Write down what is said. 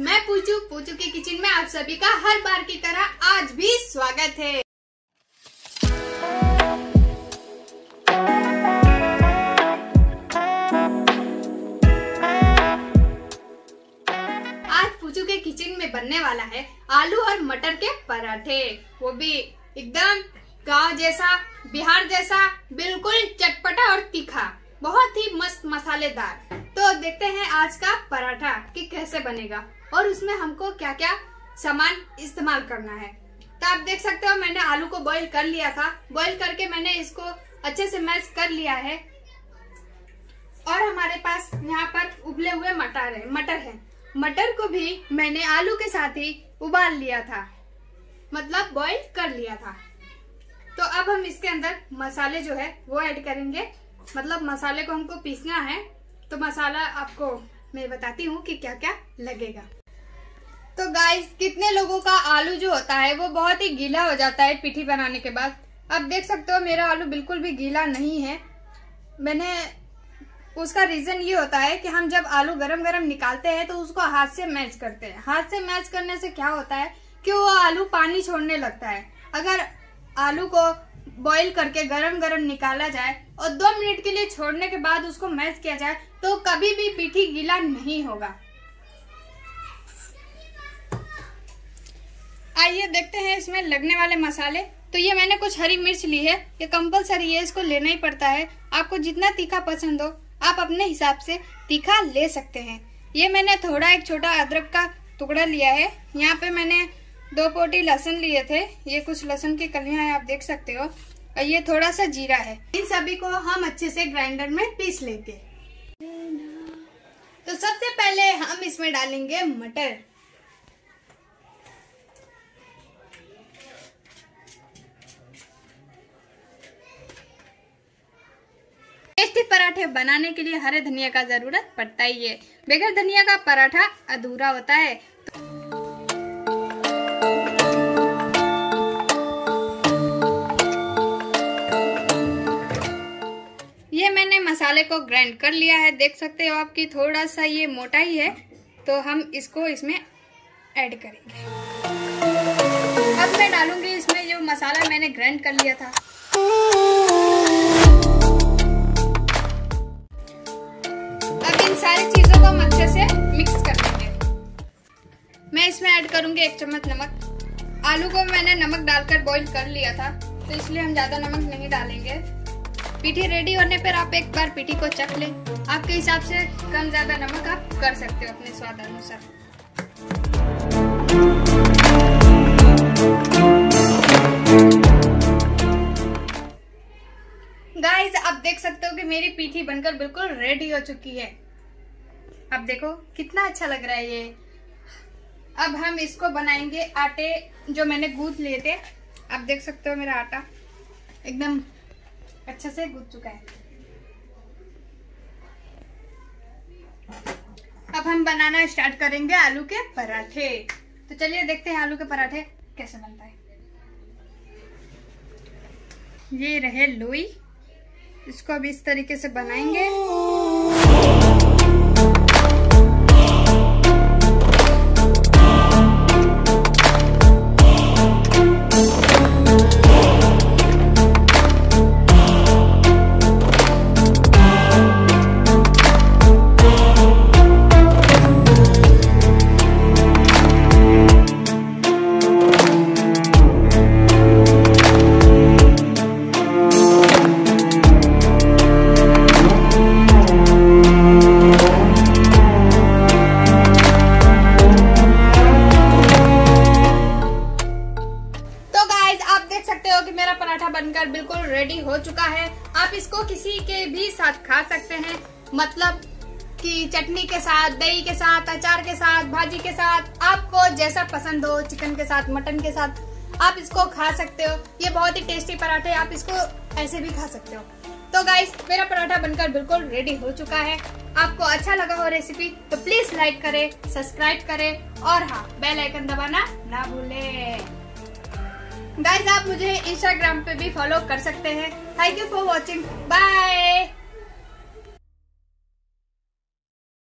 मैं पूजू पूजू के किचन में आप सभी का हर बार की तरह आज भी स्वागत है आज पूजू के किचन में बनने वाला है आलू और मटर के पराठे वो भी एकदम गांव जैसा बिहार जैसा बिल्कुल चटपटा और तीखा बहुत ही मस्त मसालेदार तो देखते हैं आज का पराठा कि कैसे बनेगा और उसमें हमको क्या क्या सामान इस्तेमाल करना है तो आप देख सकते हो मैंने आलू को बॉईल कर लिया था बॉईल करके मैंने इसको अच्छे से मैश कर लिया है और हमारे पास यहाँ पर उबले हुए मटर है मटर है मटर को भी मैंने आलू के साथ ही उबाल लिया था मतलब बॉईल कर लिया था तो अब हम इसके अंदर मसाले जो है वो ऐड करेंगे मतलब मसाले को हमको पीसना है तो मसाला आपको मैं बताती हूँ कि क्या क्या लगेगा तो गाइस कितने लोगों का आलू जो होता है वो बहुत ही गीला हो जाता है पिठी बनाने के बाद अब देख सकते हो मेरा आलू बिल्कुल भी गीला नहीं है मैंने उसका रीज़न ये होता है कि हम जब आलू गरम गरम निकालते हैं तो उसको हाथ से मैच करते हैं हाथ से मैच करने से क्या होता है कि वो आलू पानी छोड़ने लगता है अगर आलू को बॉईल करके गरम गरम निकाला जाए और दो मिनट के लिए छोड़ने के बाद उसको मैश किया जाए तो कभी भी पीठी गीला नहीं होगा आइए देखते हैं इसमें लगने वाले मसाले तो ये मैंने कुछ हरी मिर्च ली है ये कंपलसरी है इसको लेना ही पड़ता है आपको जितना तीखा पसंद हो आप अपने हिसाब से तीखा ले सकते हैं ये मैंने थोड़ा एक छोटा अदरक का टुकड़ा लिया है यहाँ पे मैंने दो पोटी लहसुन लिए थे ये कुछ लहसुन की कलियां है आप देख सकते हो और ये थोड़ा सा जीरा है इन सभी को हम अच्छे से ग्राइंडर में पीस लेंगे तो सबसे पहले हम इसमें डालेंगे मटर टेस्टी पराठे बनाने के लिए हरे धनिया का जरूरत पड़ता ही है बगैर धनिया का पराठा अधूरा होता है मसाले को ग्राइंड कर लिया है देख सकते हो आपकी थोड़ा सा ये मोटा ही है तो हम इसको इसमें ऐड करेंगे अब मैं डालूंगी इसमें जो मसाला मैंने ग्राइंड कर लिया था अब इन सारी चीज़ों को अच्छे से मिक्स कर लेंगे मैं इसमें ऐड करूंगी एक चम्मच नमक आलू को मैंने नमक डालकर बॉईल कर लिया था तो इसलिए हम ज़्यादा नमक नहीं डालेंगे पीठी रेडी होने पर आप एक बार पीठी को चख लें आपके हिसाब से कम ज़्यादा नमक आप कर सकते हो अपने स्वाद अनुसार गाइस आप देख सकते हो कि मेरी पीठी बनकर बिल्कुल रेडी हो चुकी है अब देखो कितना अच्छा लग रहा है ये अब हम इसको बनाएंगे आटे जो मैंने गूंथ लिए थे आप देख सकते हो मेरा आटा एकदम अच्छे से गुज चुका है अब हम बनाना स्टार्ट करेंगे आलू के पराठे तो चलिए देखते हैं आलू के पराठे कैसे बनता है ये रहे लोई इसको अब इस तरीके से बनाएंगे पराठा बनकर बिल्कुल रेडी हो चुका है आप इसको किसी के भी साथ खा सकते हैं मतलब कि चटनी के साथ दही के साथ अचार के साथ भाजी के साथ आपको जैसा पसंद हो चिकन के साथ मटन के साथ आप इसको खा सकते हो ये बहुत ही टेस्टी पराठे आप इसको ऐसे भी खा सकते हो तो गाइस मेरा पराठा बनकर बिल्कुल रेडी हो चुका है आपको अच्छा लगा हो रेसिपी तो प्लीज लाइक करें सब्सक्राइब करें और हाँ बेल आइकन दबाना ना भूलें गाइज आप मुझे इंस्टाग्राम पे भी फॉलो कर सकते हैं thank you for watching bye